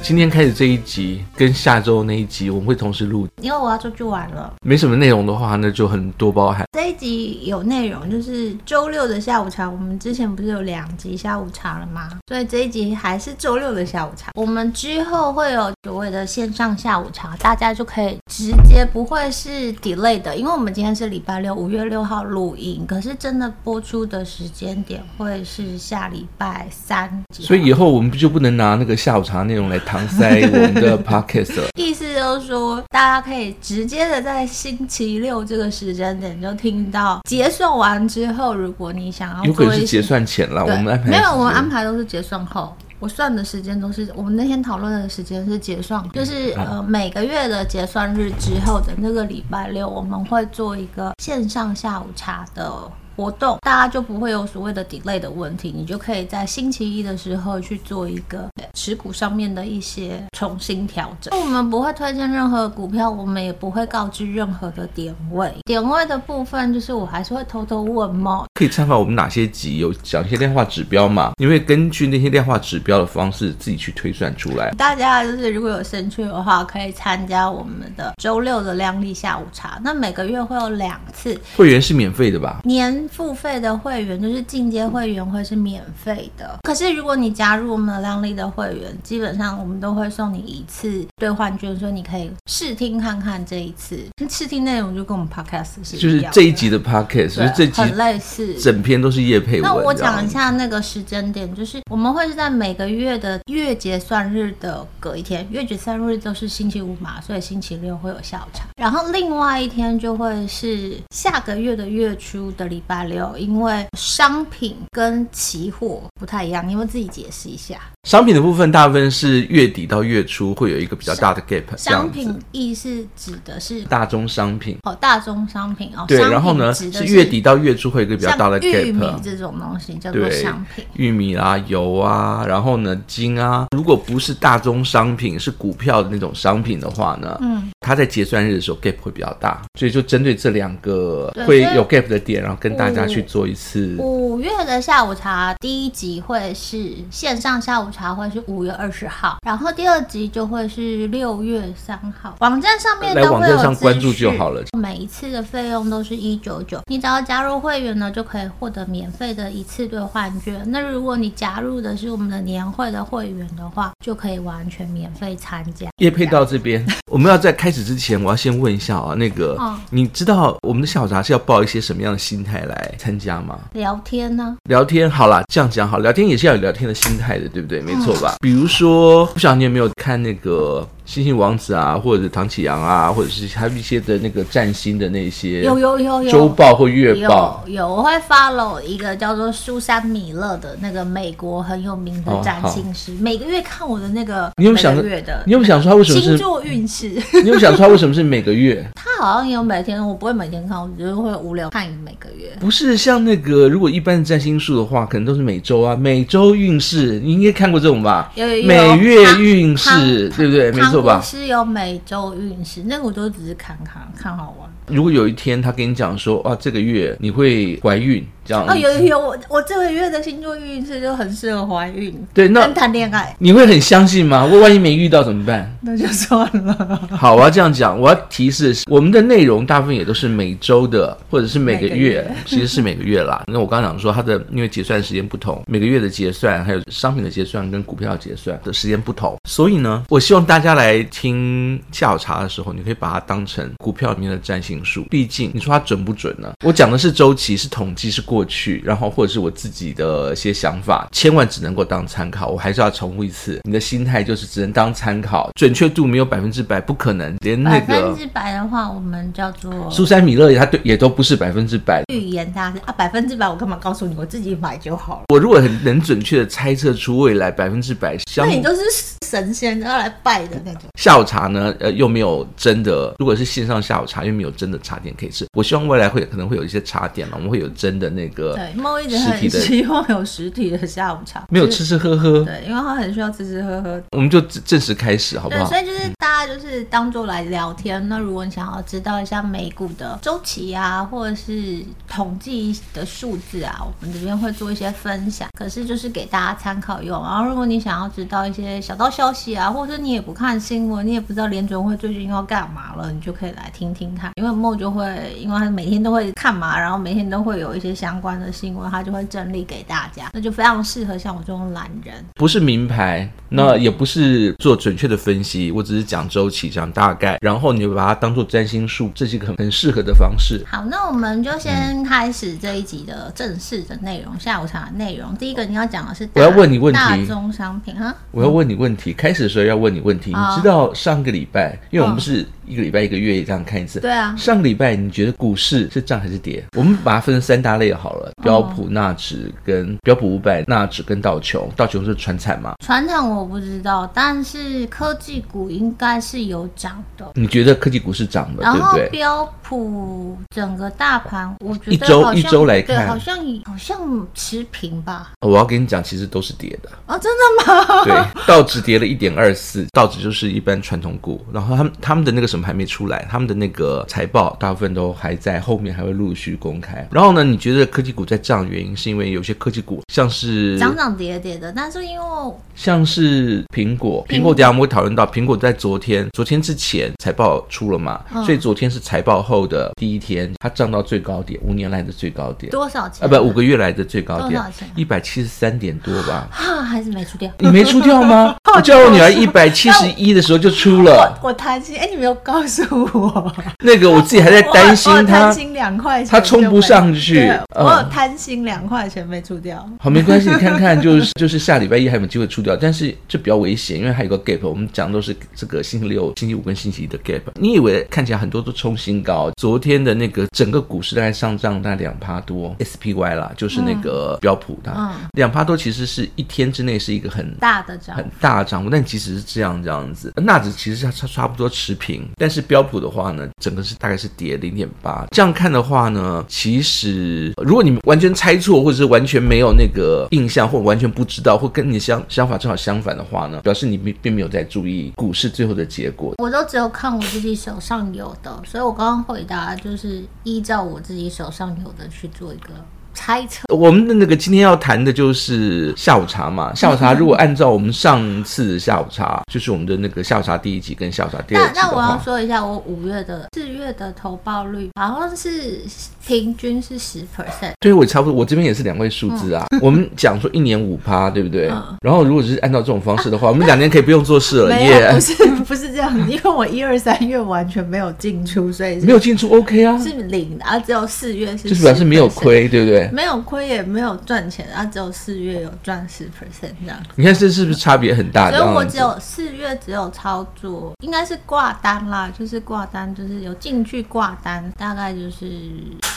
今天開始這一集跟下周那一集我們會同時錄，因為我要出去玩了。沒什麼內容的話，那就很多包涵。這一集有內容，就是周六的下午茶。我們之前不是有兩集下午茶了嗎？所以這一集還是周六的下午茶。我們之後會有所謂的線上下午茶，大家就可以直接，不會是 delay 的，因為我們今天是禮拜六，五月六號錄音，可是真的播出的時間點會是下禮拜三。所以以後我們不就不能拿那個下午茶的內容來。 意思就是說，大家可以直接的在星期六這個時間點就聽到結算完之後，如果你想要做有可能是結算前了，對我們安排沒有，我們安排都是結算後，我算的時間都是我們那天討論的時間是結算，就是、啊、呃每個月的結算日之後的那個禮拜六，我們會做一個線上下午茶的活動大家就不會有所謂的 delay 的問題，你就可以在星期一的時候去做一個持股上面的一些重新調整。我們不會推薦任何股票，我們也不會告知任何的點位。點位的部分就是我還是會偷偷問嘛，可以參考我們哪些集有講一些量化指標嘛？你會根據那些量化指標的方式自己去推算出來。大家就是如果有興趣的話，可以參加我們的週六的量利下午茶，那每個月會有兩次。會員是免費的吧？年。付費的會員就是進階會員，會是免費的。可是如果你加入我們量利的會員，基本上我們都會送你一次兌換券，所以你可以試聽看看這一次試聽內容就跟我們 Podcast 是就是這一集的 Podcast，就這集很類似，整篇都是業配文。那我講一下那個時間點，就是我們會是在每個月的月結算日的隔一天，月結算日都是星期五嘛，所以星期六會有下午茶。然後另外一天就會是下個月的月初的禮拜。因為商品跟期貨不太一樣，你為自己解釋一下。商品的部分大部分是月底到月初會有一個比較大的 gap。商品意思是指的是大宗商品哦，大宗商品哦。對，商品，然後呢，是月底到月初會有一個比較大的 gap。像玉米這種東西叫做商品，玉米啊、油啊，然後呢金啊。如果不是大宗商品，是股票的那種商品的話呢，嗯，它在結算日的時候 gap 會比較大，所以就針對這兩個會有 gap 的點，然後跟大大家去做一次五月的下午茶。第一集會是線上下午茶會是五月二十號，然後第二集就會是六月三號。網站上面都會有，站上關注就好了。每一次的費用都是一九九，你只要加入會員呢，就可以獲得免費的一次兌換券。那如果你加入的是我們的年會的會員的話，就可以完全免費參加。業配到這邊， 我們要在開始之前，我要先問一下啊，那個、嗯、你知道我們的下午茶是要抱一些什麼樣的心態來？參加嗎？聊天呢、啊？聊天好啦，這樣講好。聊天也是要有聊天的心態的，對不對？嗯、沒錯吧？比如說，不曉得你有沒有看那個星星王子啊，或者是唐啟陽啊，或者是他一些的那個占星的那些，有有有有。周報或月報有，我會 follow 一個叫做蘇珊米勒的那個美國很有名的占星師，哦、每個月看我的那個，每個月的。你有想說？你有想說他為什麼星座運勢？ 你有想說他為什麼是每個月？他好像也有每天，我不會每天看，我覺得會無聊。看你每個月。不是像那個，如果一般占星術的話，可能都是每周啊，每周運勢，你應該看過這種吧？有，有。每月運勢，對不對？沒錯吧？是有每周運勢，那個我都只是看看，看好玩。如果有一天他跟你講說啊，這個月你會懷孕這樣哦，有有我我這個月的星座運勢就很適合懷孕，對，那談戀愛你會很相信嗎？我萬一沒遇到怎麼辦？那就算了。好，我要這樣講，我要提示的是我們的內容大部分也都是每周的，或者是每個月，個月其實是每個月啦。 那我剛剛講說，它的因為結算時間不同，每個月的結算還有商品的結算跟股票結算的時間不同，所以呢，我希望大家來聽下午茶的時候，你可以把它當成股票裡面的占星。畢竟你說它準不準呢？我講的是周期，是統計，是過去，然後或者是我自己的一些想法，千萬只能夠當參考。我還是要重複一次，你的心態就是只能當參考，準確度沒有百分之百，不可能。連那個百分之百的話，我們叫做蘇珊米勒也，他對也都不是百分之百的預言大。他是啊百分之百，我幹嘛告訴你？我自己買就好了。我如果很能準確的猜測出未來百分之百，那你都是神仙要來拜的那種。下午茶呢？呃，又沒有真的，如果是線上下午茶，又沒有真的。真的茶點可以吃，我希望未來會可能會有一些茶點嘛，我們會有真的那個實體的。對，我一直很希望有實體的下午茶，就是、沒有吃吃喝喝。對，因為它很需要吃吃喝喝。我們就正式開始好不好？所以就是大家就是當做來聊天。嗯、那如果你想要知道一下美股的周期啊，或者是統計的數字啊，我們這邊會做一些分享，可是就是給大家參考用。然後如果你想要知道一些小道消息啊，或者說你也不看新聞，你也不知道聯準會最近要幹嘛了，你就可以來聽聽看。因為。就會，因為他每天都會看嘛，然後每天都會有一些相關的新聞，他就會整理給大家，那就非常適合像我這種懶人。不是名牌，那也不是做準確的分析，嗯、我只是講週期，講大概，然後你就把它當做占星術，這是一個很適合的方式。好，那我們就先開始這一集的正式的內容，嗯、下午茶的內容。第一個你要講的是，我要問你問題，大宗商品哈，我要問你問題，開始的時候要問你問題。嗯、你知道上個禮拜，哦、因為我們不是、嗯。一個禮拜一個月這樣看一次，對啊。上個禮拜你覺得股市是漲還是跌？我們把它分成三大類好了，嗯、標普納指跟標普五百納指跟道瓊，道瓊是傳產嗎？傳產我不知道，但是科技股應該是有漲的。你覺得科技股是漲的，然後對不對，標普整個大盤，我覺得一周一周來看，對，好像好像持平吧、哦。我要跟你講，其實都是跌的啊、哦，真的嗎？ 對，道指跌了一點二四，道指就是一般傳統股，然後他們他們的那個什麼。還沒出來，他們的那個財報大部分都還在後面，還會陸續公開。然後呢，你覺得科技股在漲的原因是因為有些科技股像是漲漲跌跌的，但是因為像是蘋果，蘋果等下我們會討論到蘋果在昨天，昨天之前財報出了嘛，嗯、所以昨天是財報後的第一天，它漲到最高點，五年來的最高點多少錢？啊，不，五個月來的最高點，一百七十三點多吧？哈，還是沒出掉？你沒出掉嗎？我叫我女兒一百七十一的時候就出了。 我擔心，哎，你沒有。告訴我那個，我自己還在擔心他貪心兩塊錢，他衝不上去。嗯、我有貪心兩塊錢沒出掉，好，沒關係，你看看就是就是下禮拜一還有沒有機會出掉，但是就比較危險，因為還有個 gap，我們講都是這個星期六、星期五跟星期一的 gap。你以為看起來很多都衝新高，昨天的那個整個股市大概上漲大概兩趴多，SPY 啦，就是那個標普的，兩趴、嗯嗯、多其實是一天之內是一個很大的漲，很大的漲幅，但其實是這樣這樣子，納指其實差差不多持平。但是標普的話呢，整個是大概是跌零點八。這樣看的話呢，其實如果你們完全猜錯，或者是完全沒有那個印象，或者完全不知道，或跟你想想法正好相反的話呢，表示你並並沒有在注意股市最後的結果。我都只有看我自己手上有的，所以我剛剛回答就是依照我自己手上有的去做一個。猜測。我們的那個今天要談的就是下午茶嘛？下午茶如果按照我們上次下午茶，就是我們的那個下午茶第一集跟下午茶第二集。那、啊、那我要說一下，我五月的四月的投報率好像是平均是十 percent。對，我差不多，我這邊也是兩位數字啊。嗯、我們講說一年五趴，對不對？嗯、然後如果是按照這種方式的話，我們兩年可以不用做事了。耶、 啊，不是不是這樣，因為我一二三月完全沒有進出，所以沒有進出 OK 啊，是零啊，然後只有四月是，就表示沒有虧，對不對？沒有虧也沒有賺錢，啊，只有四月有賺十 percent 這樣。你看這是不是差別很大的？所以我只有四月只有操作，應該是掛單啦，就是掛單，就是有進去掛單，大概就是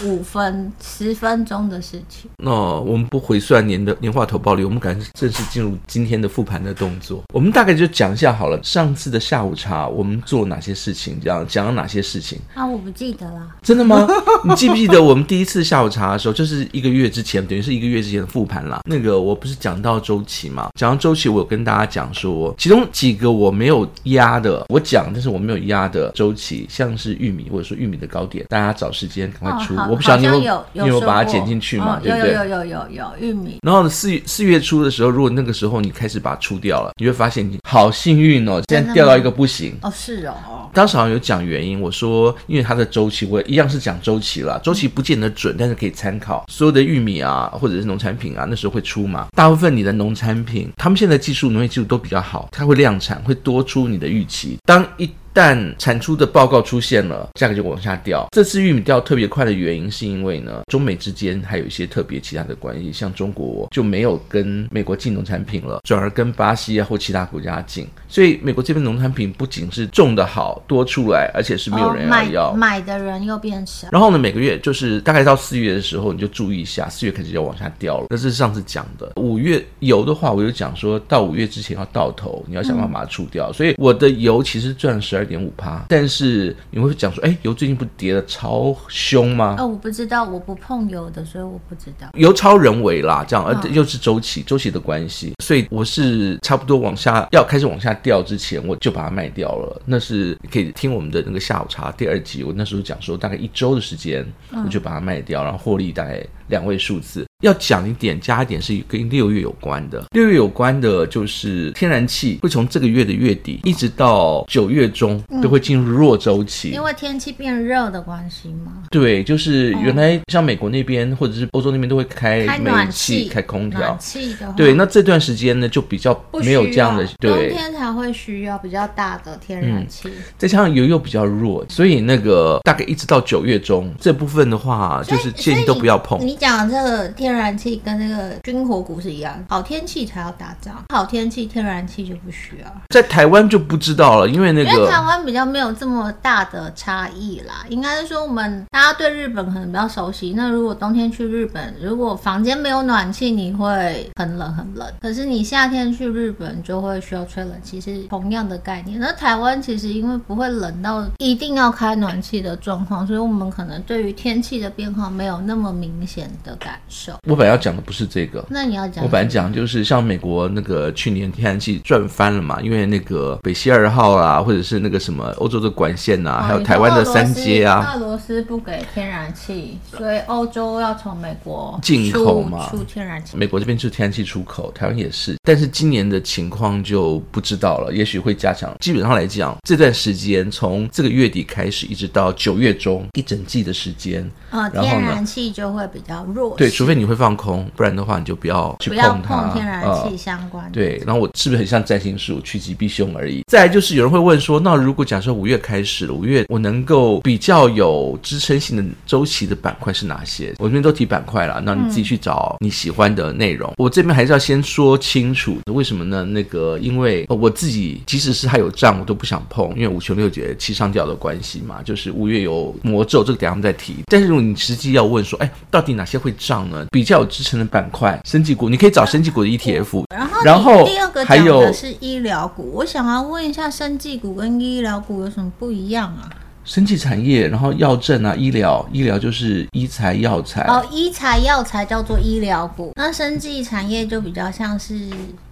五分十分鐘的事情。哦，我們不回算年的年化投報率，我們趕緊正式進入今天的復盤的動作。我們大概就講一下好了，上次的下午茶我們做哪些事情，這樣講了哪些事情？啊，我不記得啦。真的嗎？ 你記不記得我們第一次下午茶的時候，就是一。一個月之前，等於是一個月之前的復盤了。那個我不是講到週期嘛，講到週期，我有跟大家講說，其中幾個我沒有壓的，我講，但是我沒有壓的週期，像是玉米或者說玉米的高點，大家找時間趕快出。哦、我不曉得你，有你有，有你有把它剪進去嗎？對不對？有有有有，有玉米。然後呢，四四月初的時候，如果那個時候你開始把它出掉了，你會發現你好幸運哦，現在掉到一個不行哦，是哦。當時好像有講原因，我說因為它的週期，我一樣是講週期了，週期不見得準，但是可以參考所。的玉米啊，或者是農產品啊，那時候會出嘛。大部分你的農產品，他們現在技術，農業技術都比較好，它會量產，會多出你的預期。當一但產出的報告出現了，價格就往下掉。這次玉米掉特別快的原因，是因為呢，中美之間還有一些特別其他的關係，像中國就沒有跟美國進農產品了，轉而跟巴西啊或其他國家進。所以美國這邊農產品不僅是種的好，多出來，而且是沒有人要，要，要、哦、買，買的人又變少。然後呢，每個月就是大概到四月的時候，你就注意一下，四月開始要往下掉了。這是上次講的。五月油的話，我就講說到五月之前要到頭，你要想辦法把它出掉。嗯、所以我的油其實賺十二。二點五趴，但是你會講說，哎，油最近不跌的超凶嗎？哦，我不知道，我不碰油的，所以我不知道，油超人為啦，這樣，哦、而又是週期，週期的關係，所以我是差不多往下要開始往下掉之前，我就把它賣掉了，那是可以聽我們的那個下午茶第二集，我那時候講說，大概一周的時間，我就把它賣掉，然後獲利大概，兩位數字要講一點，加一點是跟六月有關的，六月有關的就是天然氣會從這個月的月底一直到九月中都會進入弱周期。嗯，因為天氣變熱的關係嘛？對，就是原來像美國那邊或者是歐洲那邊都會開煤暖氣、氣開空調暖氣的話，對，那這段時間呢就比較沒有這樣的對冬天才會需要比較大的天然氣，嗯，再加上油又比較弱，所以那個大概一直到九月中這部分的話，就是建議都不要碰。講這個天然氣跟那個軍火股是一樣的，好天氣才要打仗，好天氣天然氣就不需要。在台灣就不知道了，因為那個，因為台灣比較沒有這麼大的差異啦。應該是說我們大家對日本可能比較熟悉。那如果冬天去日本，如果房間沒有暖氣，你會很冷很冷。可是你夏天去日本就會需要吹冷氣。其實同樣的概念，那台灣其實因為不會冷到一定要開暖氣的狀況，所以我們可能對於天氣的變化沒有那麼明顯。的感受。我本來要講的不是這個，那你要講。我本來講就是像美國那個去年天然氣賺翻了嘛，因為那個北溪二號啦、啊，或者是那個什麼歐洲的管線啊，啊還有台灣的三接啊。啊俄羅斯、啊、俄羅斯不給天然氣，所以歐洲要從美國進口嘛，出天然氣。美國這邊就是天然氣出口，台灣也是。但是今年的情況就不知道了，也許會加強。基本上來講，這段時間從這個月底開始，一直到九月中一整季的時間啊，然後呢，天然氣就會比較弱。對，除非你會放空，不然的話你就不要去碰它。不要碰天然氣相關的、呃、對，然後我是不是很像占星術，趨吉避凶而已？再來就是有人會問說，那如果假設五月開始了，五月我能夠比較有支撐性的週期的板塊是哪些？我這邊都提板塊了，那你自己去找你喜歡的內容。嗯、我這邊還是要先說清楚為什麼呢？那個因為、呃、我自己即使是還有漲，我都不想碰，因為五窮六絕七上吊的關係嘛，就是五月有魔咒，這個等他們再提。但是如果你實際要問說，哎，到底哪？哪些會漲呢？比較有支撐的板塊，生技股，你可以找生技股的 ETF。嗯。然後，然後第二個講的是醫療股。有我想要問一下，生技股跟醫療股有什麼不一樣啊？生技產業，然後藥證啊，醫療，醫療就是醫材、藥材。哦，醫材、藥材叫做醫療股，那生技產業就比較像是。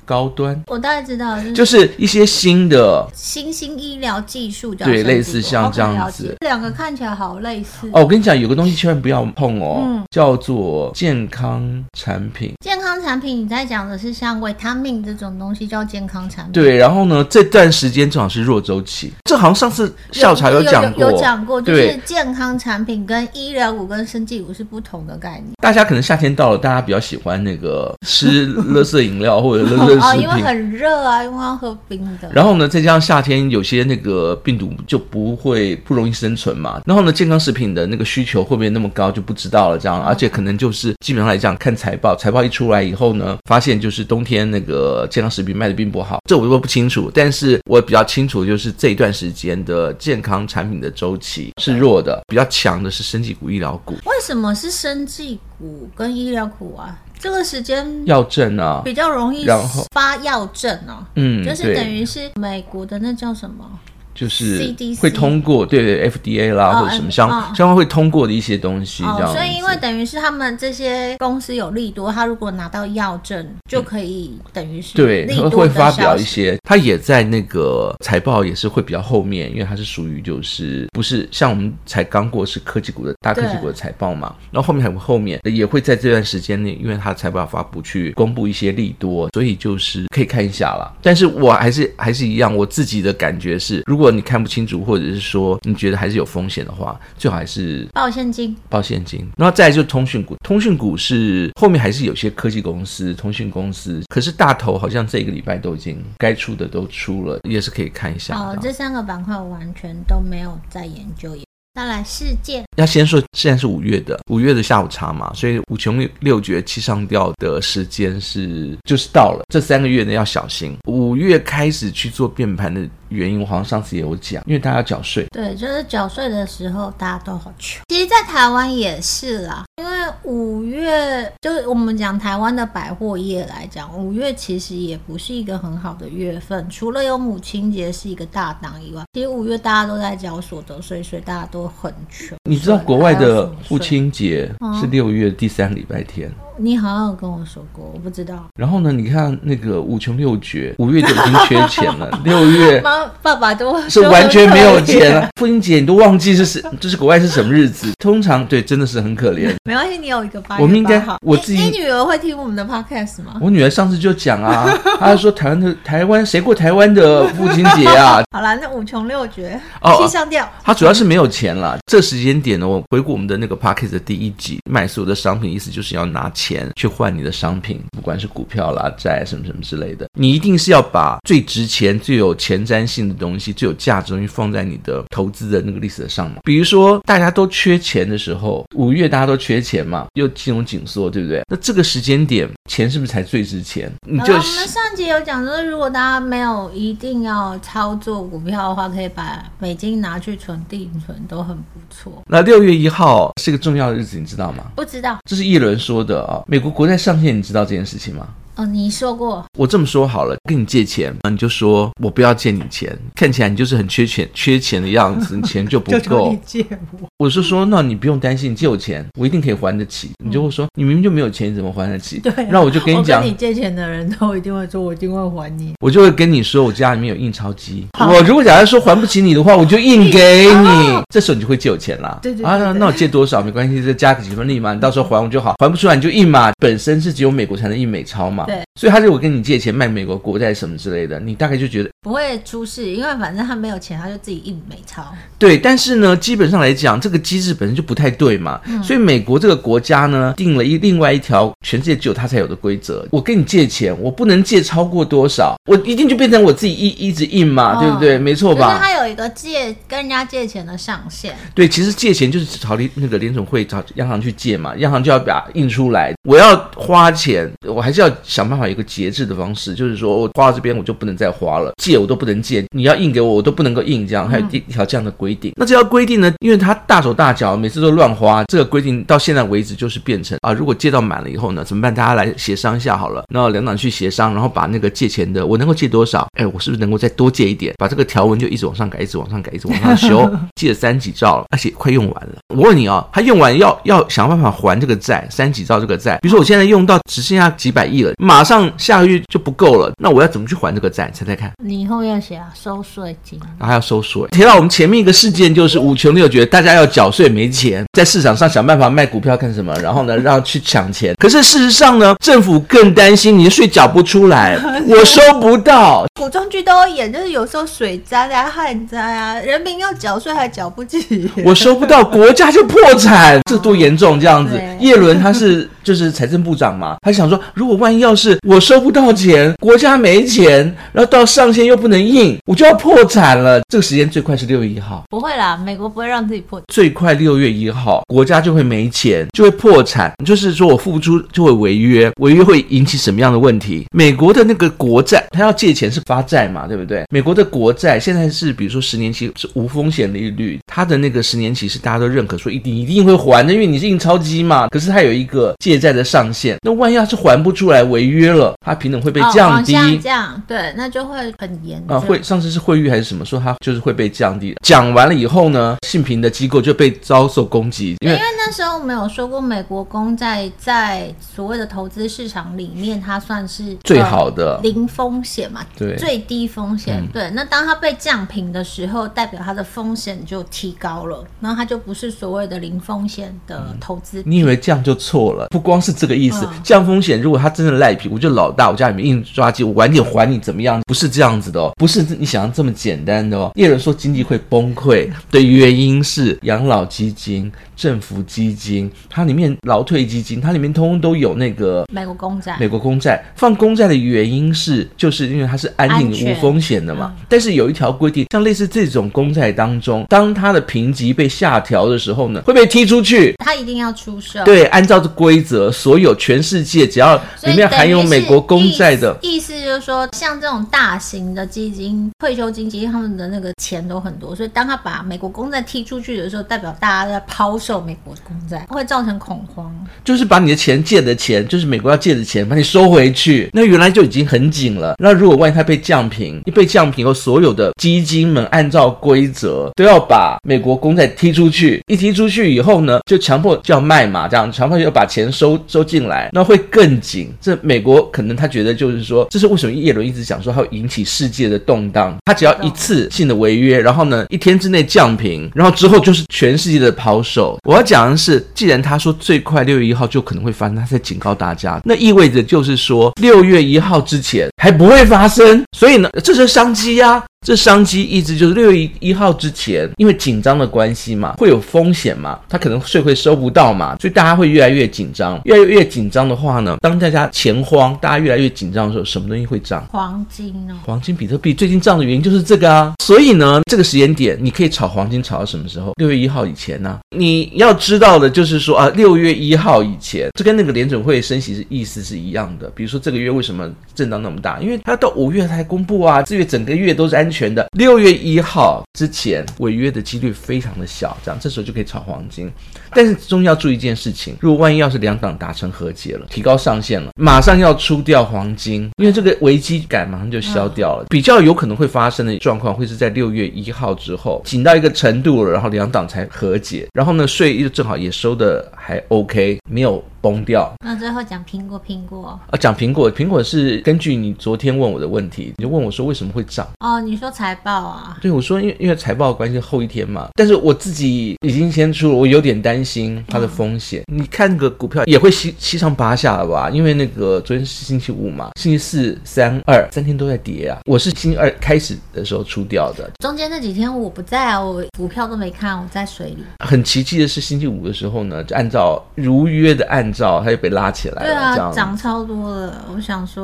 高端，我大概知道，就是一些新的新興醫療技術，對，類似像這樣子，兩個看起來好類似哦。我跟你講，有個東西千萬不要碰哦，嗯，叫做健康產品。健康產品，你在講的是像維他命這種東西叫健康產品，對。然後呢，這段時間正好是弱週期，這好像上次校長有講過，有講過，就是健康產品跟醫療股跟生技股是不同的概念。大家可能夏天到了，大家比較喜歡那個吃垃圾飲料或者樂樂。啊、哦，因為很熱啊，因為要喝冰的。然後呢，再加上夏天有些那個病毒就不會不容易生存嘛。然後呢，健康食品的那個需求會不會那麼高就不知道了。這樣，而且可能就是基本上來講，看財報，財報一出來以後呢，發現就是冬天那個健康食品賣的並不好，這我就不清楚。但是我也比較清楚，就是這一段時間的健康產品的周期是弱的，對比較強的是生技股、醫療股。為什麼是生技股跟醫療股啊？這個時間藥證啊，比較容易發藥證啊、喔，嗯，就是等於是美國的那叫什麼？就是會通過 CDC?，對 FDA 啦、oh, 或者什麼相關、oh. 相關會通過的一些東西，這樣。Oh, 所以因為等於是他們這些公司有利多，他如果拿到藥證，嗯、就可以等於是對，可能會發表一些，他也在那個財報也是會比較後面，因為他是屬於就是不是像我們才剛過是科技股的大科技股的財報嘛，對然後後面還有後面也會在這段時間內，因為他財報發布去公布一些利多，所以就是可以看一下啦。但是我還是還是一樣，我自己的感覺是如。如果你看不清楚，或者是說你覺得還是有風險的話，最好還是抱現金。抱現金，然後再來就通訊股，通訊股是後面還是有些科技公司、通訊公司，可是大頭好像這一個禮拜都已經該出的都出了，也是可以看一下。哦，這三個板塊我完全都沒有在研究。要來事件，要先說現在是五月的，五月的下午茶嘛，所以五窮六六絕七上吊的時間是就是到了，這三個月呢要小心。五月開始去做變盤的原因，我好像上次也有講，因為大家要繳稅。對，就是繳稅的時候大家都好窮。其實，在台灣也是啦。因為五月，就是我們講台灣的百貨業來講，五月其實也不是一個很好的月份，除了有母親節是一個大檔以外，其實五月大家都在交所得稅稅，所以大家都很窮。你知道國外的父親節是六月第三禮拜天。嗯你好像有跟我說過，我不知道。然後呢？你看那個五窮六絕，五月就已經缺錢了，六月媽爸爸都，是完全沒有錢了。父親節你都忘記這是這是國外是什麼日子？通常對，真的是很可憐。沒關係，你有一個爸，我們應該好。我自己。你女兒會聽我們的 podcast 嗎？我女兒上次就講啊，她說台灣的台灣誰過台灣的父親節啊？好啦，那五窮六絕七上吊，他主要是沒有錢啦。這時間點呢，我回顧我們的那個 podcast 的第一集，賣所有的商品，意思就是要拿錢。錢去換你的商品，不管是股票啦、債什麼什麼之類的，你一定是要把最值錢、最有前瞻性的東西、最有價值東西放在你的投資的那個歷史的上嘛。比如說，大家都缺錢的時候，五月大家都缺錢嘛，又金融緊縮，對不對？那這個時間點，錢是不是才最值錢？你就我們上集有講說，如果大家沒有一定要操作股票的話，可以把美金拿去存定存都很不錯。那六月一號是個重要的日子，你知道嗎？不知道，這是葉倫說的啊、哦。美國國債上限，你知道這件事情嗎？哦，你說過，我這麼說好了，跟你借錢，那你就說我不要借你錢，看起來你就是很缺錢、缺錢的樣子，你錢就不夠 就借我。我是說，那你不用擔心，你借我錢，我一定可以還得起。嗯、你就會說，你明明就沒有錢，你怎麼還得起？對、啊，那我就跟你講，我跟你借錢的人都一定會說，我一定會還你。我就會跟你說，我家裡面有印鈔機，好我如果假如說還不起你的話，我就印給你。哦、這時候你就會借我錢啦。對對,對,對,對啊，那我借多少沒關係，這加個幾分利嘛，你到時候還我就好，嗯、還不出來你就印嘛，本身是只有美國才能印美鈔嘛。對，所以他是我跟你借錢賣美國國債什麼之類的，你大概就覺得不會出事，因為反正他沒有錢，他就自己印美鈔。對，但是呢，基本上來講，這個機制本身就不太對嘛。嗯、所以美國這個國家呢，定了一另外一條全世界只有他才有的規則：我跟你借錢，我不能借超過多少，我一定就變成我自己一一直印嘛，哦、對不對？沒錯吧？是他有一個借跟人家借錢的上限。對，其實借錢就是朝那個聯準會朝央行去借嘛，央行就要把印出來。我要花錢，我還是要。想辦法有一個節制的方式，就是說我花到這邊我就不能再花了，借我都不能借，你要印給我我都不能夠印，這樣還有一條這樣的規定。那這條規定呢，因為他大手大腳，每次都亂花，這個規定到現在為止就是變成啊，如果借到滿了以後呢，怎麼辦？大家來協商一下好了。那兩黨去協商，然後把那個借錢的我能夠借多少，哎，我是不是能夠再多借一點？把這個條文就一直往上改，一直往上改，一直往上修。借了三幾兆了，而且快用完了。我問你啊，他用完要要想辦法還這個債，三幾兆這個債。比如說我現在用到只剩下幾百億了。馬上下個月就不夠了，那我要怎麼去還這個債？猜猜看，你以後要寫啊，收稅金啊，然後還要收稅。提到我們前面一個事件，就是五窮六絕，大家要繳稅沒錢，在市場上想辦法賣股票幹什麼，然後呢讓他去搶錢。可是事實上呢，政府更擔心你的稅繳不出來， 我收不到。古裝劇都要演，就是有時候水災啊、旱災啊，人民要繳稅還繳不起， 我收不到，國家就破產，這多嚴重？這樣子，對葉倫他是就是財政部長嘛，他想說，如果萬一要。要是我收不到錢，國家沒錢，然後到上限又不能印，我就要破產了。這個時間最快是六月一號，不會啦，美國不會讓自己破產。最快六月一號，國家就會沒錢，就會破產。就是說我付不出，就會違約，違約會引起什麼樣的問題？美國的那個國債，他要借錢是發債嘛，對不對？美國的國債現在是，比如說十年期是無風險利率，它的那個十年期是大家都認可，說一定一定會還的，因為你是印鈔機嘛。可是它有一個借債的上限，那萬一要是還不出來，違違約了，它評等會被降低，降、哦、對，那就會很嚴重啊。會上次是匯率還是什麼？說它就是會被降低。講完了以後呢，信評的機構就被遭受攻擊，因為，因為那時候我們有說過美國公債在，在所謂的投資市場裡面，它算是最好的、呃、零風險嘛？對，最低風險。嗯、對，那當它被降評的時候，代表它的風險就提高了，然後它就不是所謂的零風險的投資、嗯。你以為這樣就錯了？不光是這個意思，嗯、降風險如果它真的賴。我就老大，我家裡面印刷機，我晚點還你怎麼樣？不是這樣子的哦，不是你想象這麼簡單的哦。也有人說經濟會崩潰的原因是養老基金。政府基金，它裡面勞退基金，它裡面通通都有那個美國公債。美國公債放公債的原因是，就是因為它是安寧無風險的嘛。嗯、但是有一條規定，像類似這種公債當中，當它的評級被下調的時候呢，會被踢出去。它一定要出售。對，按照這規則，所有全世界只要裡面含有美國公債的意，意思就是說，像這種大型的基金、退休金基金，他們的那個錢都很多，所以當他把美國公債踢出去的時候，代表大家在拋售。受美國公債，它會造成恐慌，就是把你的錢借的錢，就是美國要借的錢，把你收回去。那原來就已經很緊了。那如果萬一它被降評，一被降評後，所有的基金們按照規則都要把美國公債踢出去。一踢出去以後呢，就強迫就要賣嘛，這樣強迫就要把錢收收進來，那會更緊。這美國可能他覺得就是說，這是為什麼葉倫一直講說它會引起世界的動盪。他只要一次性的違約，然後呢，一天之內降評，然後之後就是全世界的拋售。我要講的是，既然他說最快六月一號就可能會發生，他在警告大家，那意味着就是說六月一號之前還不會發生，所以呢，這是商機呀啊。這商機一直就是六月一號之前，因為緊張的關係嘛，會有風險嘛，他可能稅會收不到嘛，所以大家會越來越緊張。越來越緊張的話呢，當大家錢荒，大家越來越緊張的時候，什麼東西會漲？黃金哦，黃金、比特幣最近漲的原因就是這個啊。所以呢，這個時間點你可以炒黃金炒到什麼時候？六月一號以前呢、啊？你要知道的就是說啊，六月一號以前，這跟那個聯準會升息是意思是一樣的。比如說這個月為什麼震盪那麼大？因為它到五月才公布啊，四月整個月都是安。安全的六月一號之前違約的幾率非常的小，這樣這時候就可以炒黃金，但是中間注意一件事情，如果萬一要是兩黨達成和解了，提高上限了，馬上要出掉黃金，因為這個危機感馬上就消掉了，嗯、比較有可能會發生的狀況會是在六月一號之後緊到一個程度了，然後兩黨才和解，然後呢稅又正好也收得還 OK，沒有，崩掉。那最後講蘋果，蘋果啊，講蘋果，蘋果是根據你昨天問我的問題，你就問我說為什麼會漲？哦，你說財報啊？對，我說因為因為財報的關係後一天嘛，但是我自己已經先出了，我有點擔心它的風險。嗯。你看個股票也會七七上八下了吧？因為那個昨天是星期五嘛，星期四、三、二三天都在跌啊。我是星期二開始的時候出掉的，中間那幾天我不在啊，我股票都沒看，我在水裡。很奇蹟的是星期五的時候呢，就按照如約的按。照，它又被拉起來了。對啊，樣漲超多了。我想說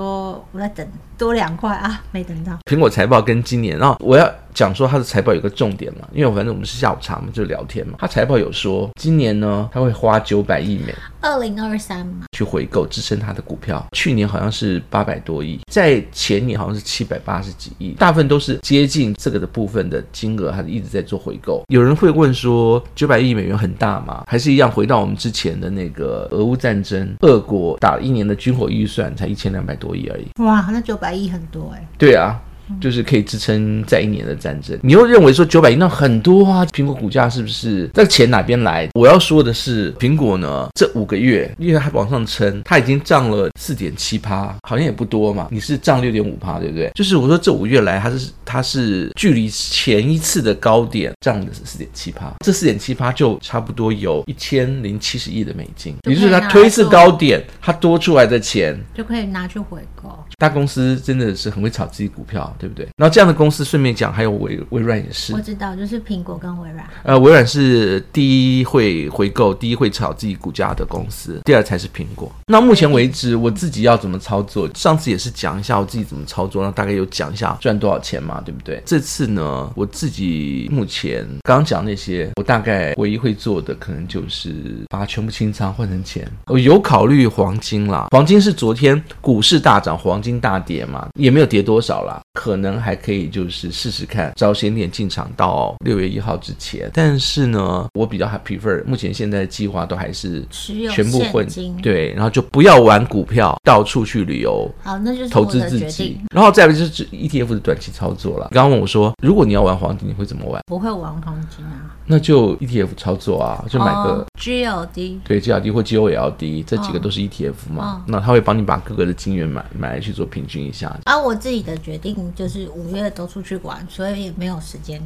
我再，我在等多兩塊啊，沒等到。蘋果財報跟今年，哦，啊，我要。講說他的財報有一個重點嘛，因為反正我們是下午茶嘛，就聊天嘛。他財報有說，今年呢他會花九百億美，二零二三嘛，去回購支撐他的股票。去年好像是八百多億，在前年好像是七百八十幾億，大部分都是接近這個的部分的金額，還是一直在做回購。有人會問說，九百億美元很大嗎？還是一樣回到我們之前的那個俄烏戰爭，俄國打了一年的軍火預算才一千兩百多億而已。哇，那九百億很多欸。對啊。就是可以支撐在一年的戰爭，你又認為說九百億那很多啊？蘋果股價是不是？那錢哪邊來？我要說的是，蘋果呢這五個月，因為它往上撐，它已經漲了四點七趴，好像也不多嘛。你是漲六點五趴，對不對？就是我說這五月來，它是它是距離前一次的高點漲的是四點七趴，這四點七趴就差不多有一千零七十億的美金。也就是它推一次高點，它多出來的錢就可以拿去回購。大公司真的是很會炒自己股票。對不對？然後這樣的公司，順便講，還有微微軟也是，我知道，就是蘋果跟微軟。呃，微軟是第一會回購、第一會炒自己股價的公司，第二才是蘋果。那目前為止，我自己要怎麼操作？上次也是講一下我自己怎麼操作，那大概有講一下賺多少錢嘛，對不對？這次呢，我自己目前剛剛講的那些，我大概唯一會做的，可能就是把它全部清倉換成錢。我有考慮黃金啦，黃金是昨天股市大漲，黃金大跌嘛，也沒有跌多少啦。可能還可以，就是試試看，早些點進場到六月一號之前。但是呢，我比較 prefer 目前現在的計劃都還是全部現金，對，然後就不要玩股票，到處去旅遊。好，那就是投資自己。然後再來就是 E T F 的短期操作了。剛剛問我說，如果你要玩黃金，你會怎麼玩？不會玩黃金啊。那就 ETF 操作啊，就買個、oh, GLD，對 GLD 或 GOLD 這幾個都是 ETF 嘛，oh. Oh. 那他會幫你把各個的金源買買來去做平均一下。而、oh. 就啊、我自己的決定就是五月都出去玩，所以也沒有時間。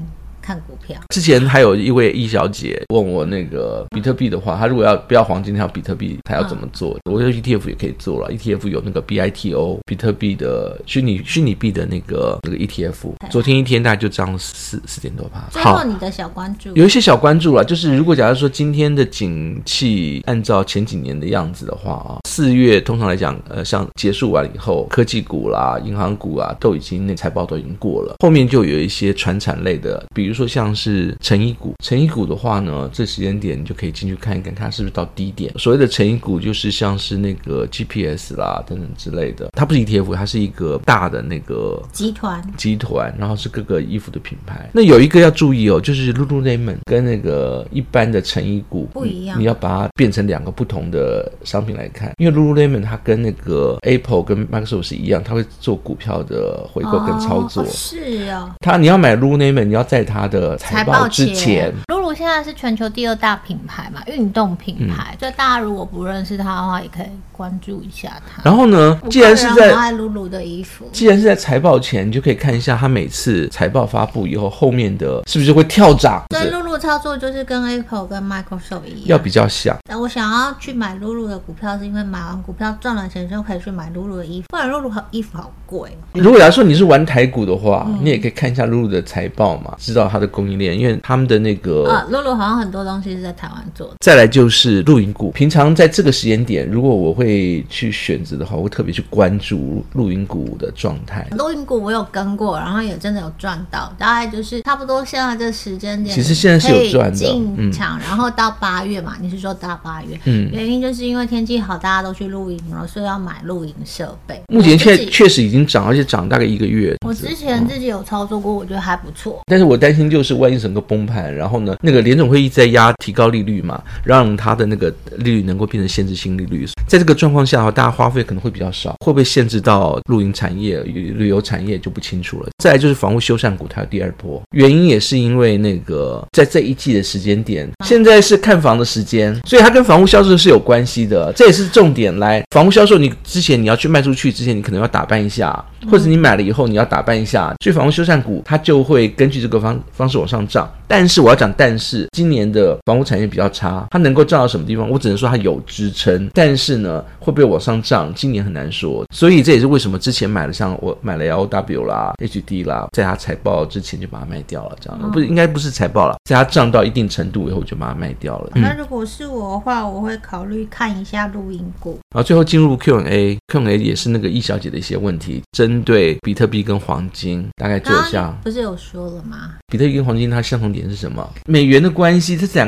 看股票，之前還有一位易小姐問我那個比特幣的話，嗯、她如果要不要黃金，要比特幣，她要怎麼做？嗯、我覺得 ETF 也可以做了，ETF 有那個 BITO 比特幣的虛擬虛擬幣的那個那個 ETF。嗯、昨天一天大概就漲了四四點多趴。好，你的小關注有一些小關注了、啊，就是如果假如說今天的景氣、嗯、按照前幾年的樣子的話啊，四月通常來講，呃，像結束完以後，科技股啦、銀行股啊，都已經那財報都已經過了，後面就有一些傳產類的，比如說說像是成衣股，成衣股的話呢，這時間點你就可以進去看一看，看它是不是到低點。所謂的成衣股就是像是那個 GPS 啦等等之類的，它不是 ETF，它是一個大的那個集團集團，然後是各個衣服的品牌。那有一個要注意哦，就是 Lululemon 跟那個一般的成衣股不一樣，你，你要把它變成兩個不同的商品來看，因為 Lululemon 它跟那個 Apple 跟 Microsoft 是一樣，它會做股票的回購跟操作。是哦，哦，是啊。它你要買 Lululemon，你要在它。的財報之前。我現在是全球第二大品牌嘛，運動品牌，嗯、所以大家如果不認識他的話，也可以關注一下他。然後呢，既然是在，愛露露的衣服。既然是在財報前，在你就可以看一下他每次財報發布以後，後面的是不是就會跳漲。嗯、是所以露露操作就是跟 Apple、跟 Microsoft 一樣，要比較小。那我想要去買露露的股票，是因為買完股票賺了錢，就可以去買露露的衣服。不然露露好衣服好貴。如果來說你是玩台股的話，嗯、你也可以看一下露露的財報嘛，知道他的供應鏈，因為他們的那個。嗯露露好像很多東西是在台灣做的。再來就是露營股，平常在這個時間點，如果我會去選擇的話，我會特別去關注露營股的狀態。露營股我有跟過，然後也真的有賺到。大概就是差不多現在這個時間點，其實現在是有賺的。嗯、進場，然後到八月嘛，你是說到八月？嗯。原因就是因為天氣好，大家都去露營了，所以要買露營設備。目前確確實已經漲，而且漲大概一個月。我之前自己有操作過，嗯、我覺得還不錯。但是我擔心就是萬一整個崩盤，然後呢？那個聯準會議在壓提高利率嘛，讓他的那個利率能夠變成限制性利率。在這個狀況下的話，大家花費可能會比較少，會不會限制到露營產業與旅遊產業就不清楚了。再來就是房屋修繕股，它有第二波，原因也是因為那個在這一季的時間點，現在是看房的時間，所以它跟房屋銷售是有關係的，這也是重點。來，房屋銷售你之前你要去賣出去之前，你可能要打扮一下，或者你買了以後你要打扮一下，所以房屋修繕股它就會根據這個方方式往上漲。但是我要講但是。是今年的房屋產業比較差，它能夠漲到什麼地方，我只能說它有支撐，但是呢，會不會往上漲，今年很難說。所以這也是為什麼之前買了，像我買了 LOW 啦、HD 啦，在它財報之前就把它賣掉了，這樣、哦、不應該不是財報了，在它漲到一定程度以後我就把它賣掉了。嗯、那如果是我的話，我會考慮看一下露營股。然後最後進入 Q&A，Q&A 也是那個易小姐的一些問題，針對比特幣跟黃金，大概做一下。不是有說了嗎？比特幣跟黃金它相同點是什麼？美元的關係，這兩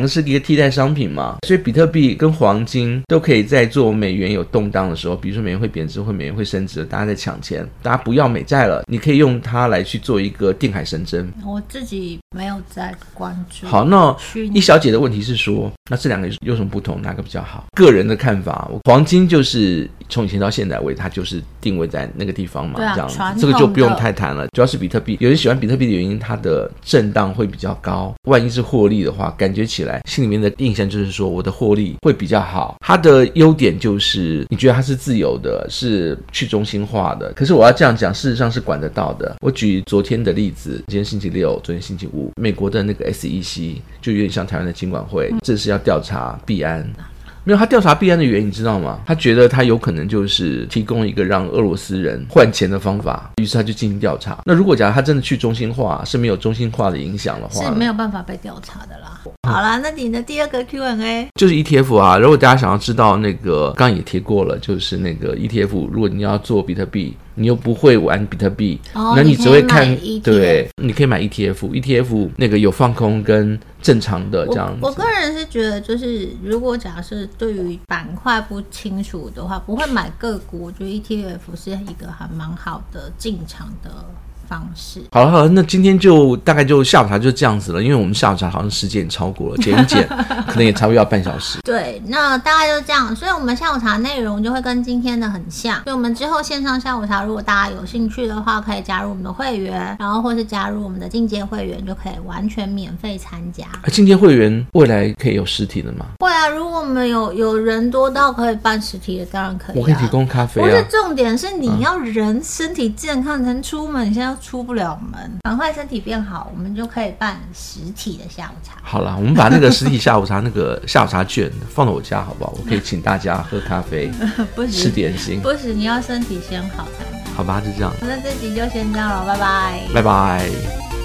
個是一個替代商品嘛。所以比特幣跟黃金都可以在做美元有動盪的時候，比如說美元會貶值，或者美元會升值，大家在搶錢，大家不要美債了，你可以用它來去做一個定海神針。我自己沒有在關注。好，那一小姐的問題是說，那這兩個有什麼不同？哪個比較好？個人的看法，黃金就是從以前到現在為，為它就是定位在那個地方嘛，對、啊、這樣。這個就不用太談了。主要是比特幣，有人喜歡比特幣的原因，它的震盪會比較高。萬一是貨。獲利的話，感覺起來心裡面的印象就是說，我的獲利會比較好。它的優點就是，你覺得它是自由的，是去中心化的。可是我要這樣講，事實上是管得到的。我舉昨天的例子，今天星期六，昨天星期五，美國的那個 SEC 就有點像台灣的金管會，這是要調查幣安。嗯。沒有他調查幣安的原因，你知道嗎？他覺得他有可能就是提供一個讓俄羅斯人換錢的方法，於是他就進行調查。那如果假如他真的去中心化是沒有中心化的影響的話，是沒有辦法被調查的啦。好啦，那你的第二個 Q&A 就是 E T F 啊。如果大家想要知道那個，剛也提過了，就是那個 E T F。如果你要做比特幣，你又不會玩比特幣，哦，那你只會看一對，你可以買 E T F。E T F 那個有放空跟正常的這樣子。我。我個人是覺得，就是如果假設對於板塊不清楚的話，不會買個股，我覺得 E T F 是一個還蠻好的進場的。方式，好了好了，那今天就大概就下午茶就這樣子了，因為我們下午茶好像時間也超過了，減一減可能也差不多要半小時。 對，那大概就這樣，所以我們下午茶內容就會跟今天的很像。所以我們之後線上下午茶，如果大家有興趣的話，可以加入我們的會員，然後或是加入我們的進階會員，就可以完全免費參加。進階會員未來可以有實體的嗎？會啊，如果我們有有人多到可以辦實體的，當然可以，啊。我可以提供咖啡，啊。不是重點是你要人身體健康才能出門，你先、啊、要。出不了門，趕快身體變好，我們就可以辦實體的下午茶。好了，我們把那個實體下午茶 那個下午茶券放到我家，好不好？我可以請大家喝咖啡， 不行，吃點心，不行，你要身體先好才。好吧，就這樣。那這集就先這樣了，拜拜，拜拜。